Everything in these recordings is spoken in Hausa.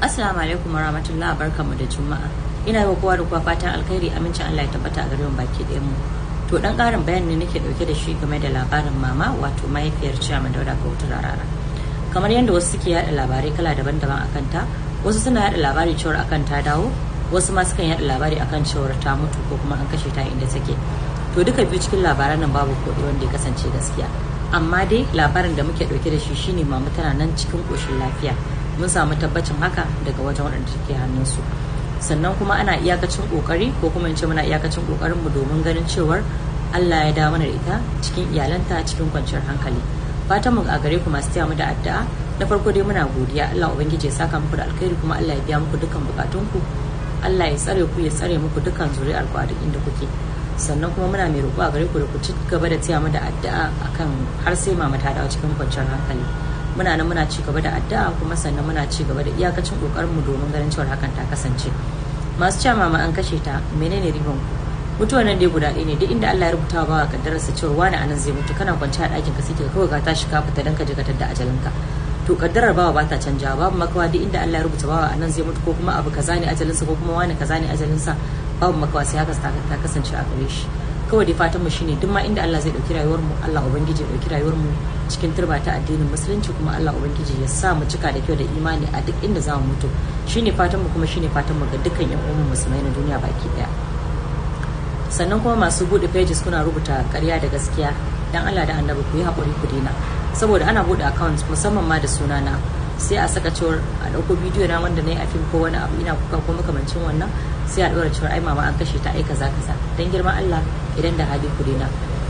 Assalamu alaikum warahmatullahi barkamu da Juma'a. Ina yi kowa da kowa fatan alkhairi amincin Allah ya tabbata a garin baki ɗayan mu. To dan karin bayani ne nake dauke da shi game da labarin mama wato mahaifiyar Ciyaman Dauda wutar Rarara. Kamar yadda wasu suke yaɗa labarai kala daban-daban akan ta, wasu suna yaɗa labari cewar akan ta dawo, wasu ma sukan yaɗa labari akan cewar ta mutu ko kuma an kashe ta inda take. To duka biyu cikin labaran nan babu koɗi wanda ya kasance gaskiya. Amma dai labarin da muke ɗauke da shi shine mama tana nan cikin koshin lafiya. mun samu tabbacin haka daga wajen waɗanda hannun hannunsu sannan kuma ana iyakacin kokari ko kuma in ce muna iyakacin kokarin mu domin ganin cewar Allah ya dawo mana da ita cikin iyalanta cikin kwanciyar hankali fatan mu a gare ku masu taya mu da addu'a na farko dai muna godiya Allah ubangiji ya saka muku da alkhairi kuma Allah ya biya muku dukkan bukatunku Allah ya tsare ku ya tsare muku dukkan zuri'ar ku a duk inda kuke sannan kuma muna mai roƙo a gare ku da ku ci gaba da taya mu da addu'a akan har sai mama ta dawo cikin kwanciyar hankali muna nan muna ci gaba da addu'a kuma sannan muna ci gaba da iyakacin kokarin mu domin ganin cewa hakan ta kasance masu cewa mama an kashe ta menene riban ku nan dai guda ɗaya ne duk inda Allah ya rubuta ba kaddarar sa cewa wani anan zai mutu kana kwance a ɗakin ka sai kawai ka tashi ka fita dan ka je ka tadda ajalinka to kaddarar bawa ba ta canja babu makawa duk inda Allah ya rubuta bawa a nan zai mutu ko kuma abu kaza ne ajalinsa ko kuma wani kaza ne ajalinsa babu makawa sai haka ta kasance a gare shi kawai dai fatan mu shine duk ma inda Allah zai dauki rayuwar mu Allah ubangiji ya dauki rayuwar mu cikin turba ta addinin musulunci kuma Allah ubangiji ya sa mu cika da kyau da imani a duk inda za mu mutu shine fatan mu kuma shine fatan mu ga dukkan yan uwan musulmai na duniya baki daya sannan kuma masu bude pages kuna rubuta ƙarya da gaskiya dan Allah da annabi ku yi hakuri ku dena saboda ana bude accounts musamman ma da sunana sai a saka cewar a ɗauko bidiyo na wanda na yi a fim ko wani abu ina kuka ko makamancin wannan sai a ɗora cewar ai mama an kashe ta ai kaza kaza dan girman Allah idan da hali ku daina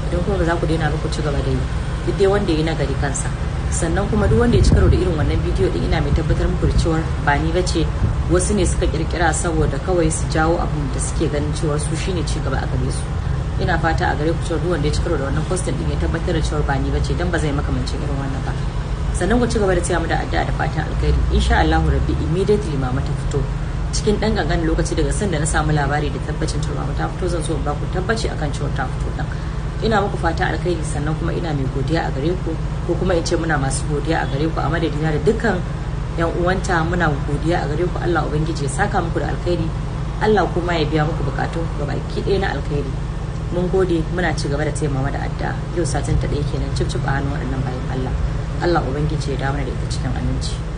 idan kuma ba za ku daina ba ku ci gaba da yi duk dai wanda ya nagari kansa sannan kuma duk wanda ya ci karo da irin wannan bidiyo din ina mai tabbatar muku da cewar ba ni ba ce wasu ne suka kirkira saboda kawai su jawo abin da suke ganin cewar su shine ci gaba a gare su ina fata a gare ku cewa duk wanda ya ci karo da wannan posting din ya tabbatar da cewar ba ni bace dan ba zai makamancin irin wannan ba sannan ku ci gaba da tsaya mu da addu'a da fatan alkhairi insha Allah rabbi immediately mama ta fito cikin dan gangan lokaci daga sanda na samu labari da tabbacin cewa mama ta fito zan so ba ku tabbaci akan cewa ta fito dan ina muku fata alkhairi sannan kuma ina mai godiya a gare ku ko kuma in ce muna masu godiya a gare ku a madadina da dukkan yan uwanta muna godiya a gare ku Allah ubangiji ya saka muku da alkhairi Allah kuma ya biya muku bukatun ku baki ɗaya na alkhairi mun gode muna ci gaba da taimama da addu'a yau satin ta ɗaya kenan cip cip a hannun waɗannan bayan Allah Allah ubangiji ya dawo da ita cikin aminci